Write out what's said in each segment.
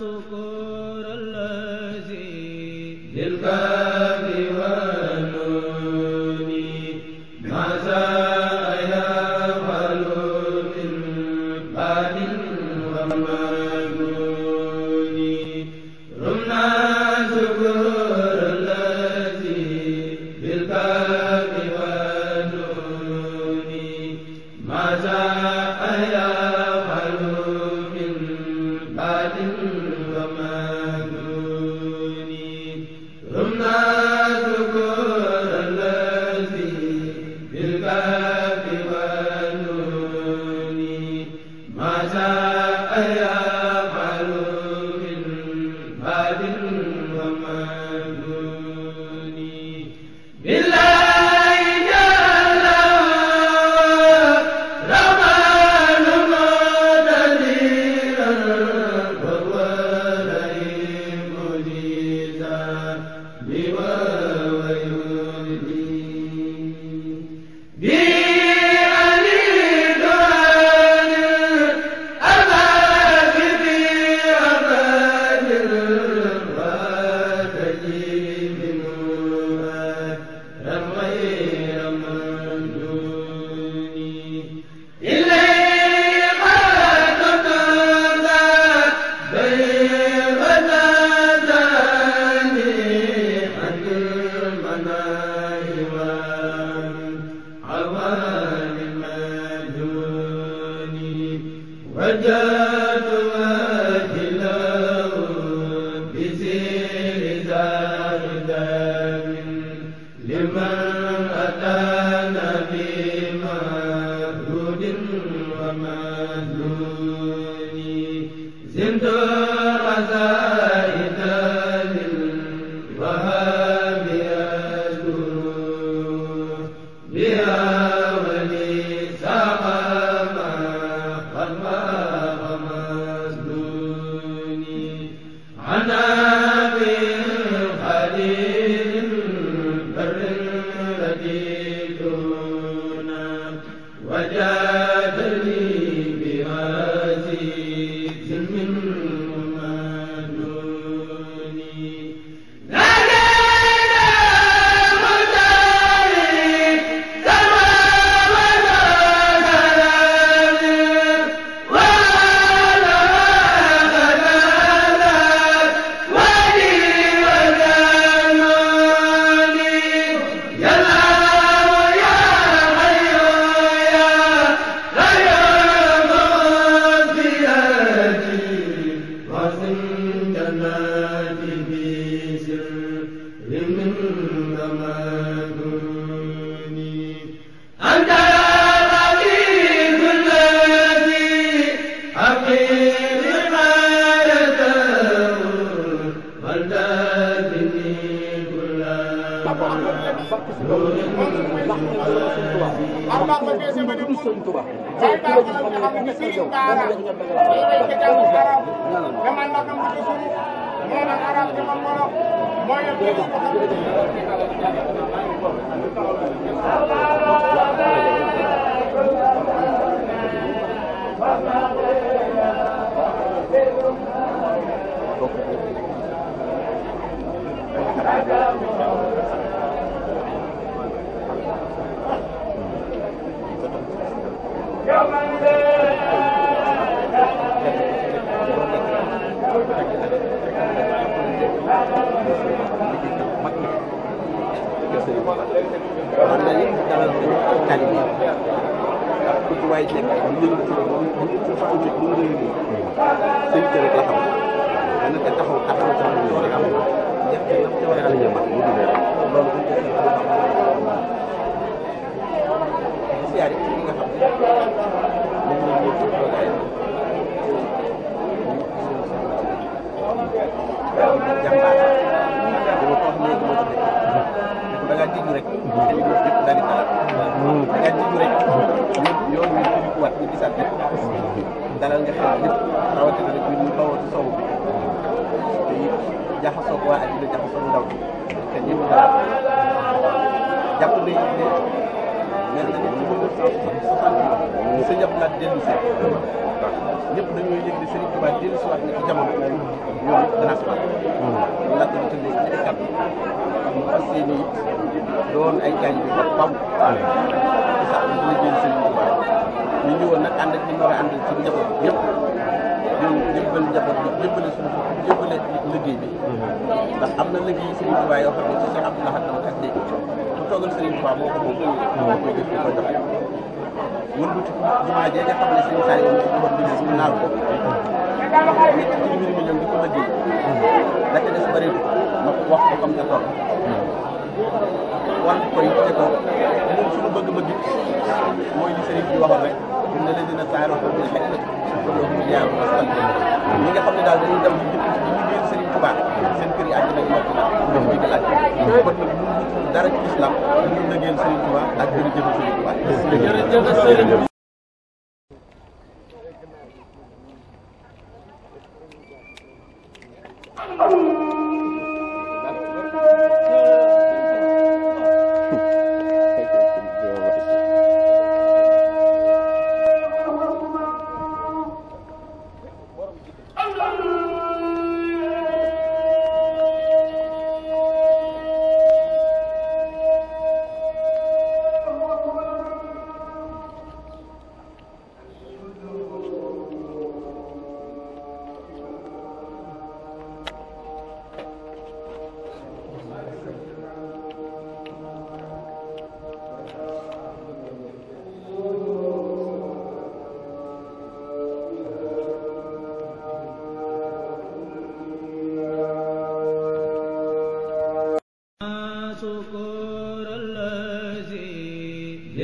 شكور الذي للغاية Baar ma feese ba ne Mourou Baye Baar ma nga xam ne Serigne Baara day bay ca jàng arab demal ma gëm ci suuf moo nag arab dama moro moo yem ci ko xam Thank you. quay đẹp cũng như phong trực cũng như tuy chờ được là hồng anh nó tao hồng tao cho người để không dắt cho nó cho anh giờ mặt cũng được vâng cũng chết được xe đi cũng là hồng nhưng mà nhiều chút rồi đấy trăm ba gaji jurek gaji jurek dari tadi hmm. gaji jurek dia dia mesti kuat di pisan dalam kata dia rawat itu di bawah itu sawu jadi jahat sokwa aja dia jahat sokwa dia jahat sokwa dia jahat sokwa dia jahat benn nit ñi bëgg cent soixante mille sa jàpp laat dellu si ñëpp dañoo yëg ne Serigne Touba dellu si waat na ci jamono si waat laaj la tëddee ci ay kàddu mu fas yéene doon ay kañ bi ba faw sa liggéey Serigne nag ànd ak ñu war a àndal ci njaboot ñëpp ñoom jébbal njaboot bi jébbale suñu bopp jébbale liggéey bi ndax am na liggéey Serigne Touba yoo xam ne ci Cheikh Abdoulaye Khatam ak léegi bu toogal Serigne Touba moo ko moom moo koy def di ko joxe wëlbati jumaa jee nga xam ne Serigne Saliou ci bopp bi gis naal ko nekk ci mbir mi ñoom di ko liggéey la ca des bëri ma wax ko xam nga toll wan ko yitte ko moom suñu bëgg-bëgg mooy li Serigne bi waxoon rek inna ladina taarafoo bil hikmati kulluhum iyyaahu yastaghfiruun ñi nga xam ne daal dañuy dem di jëf ci liggéeyal Serigne Touba seen kër yi àgg nañ mokk na ñoom ñu ngi laaj kon nag mun dara ci islam ñu liggéeyal Serigne Touba ak gën a jëfal Serigne Touba jërëjëf Serigne Oh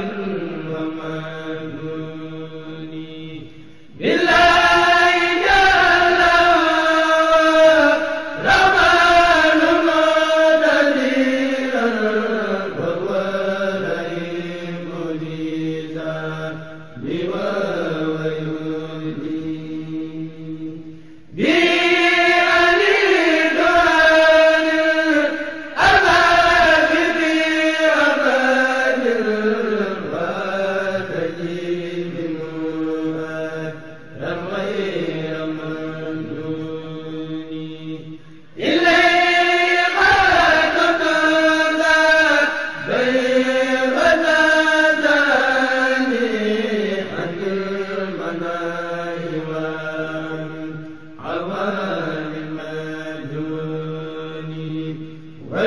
العالمين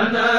أنا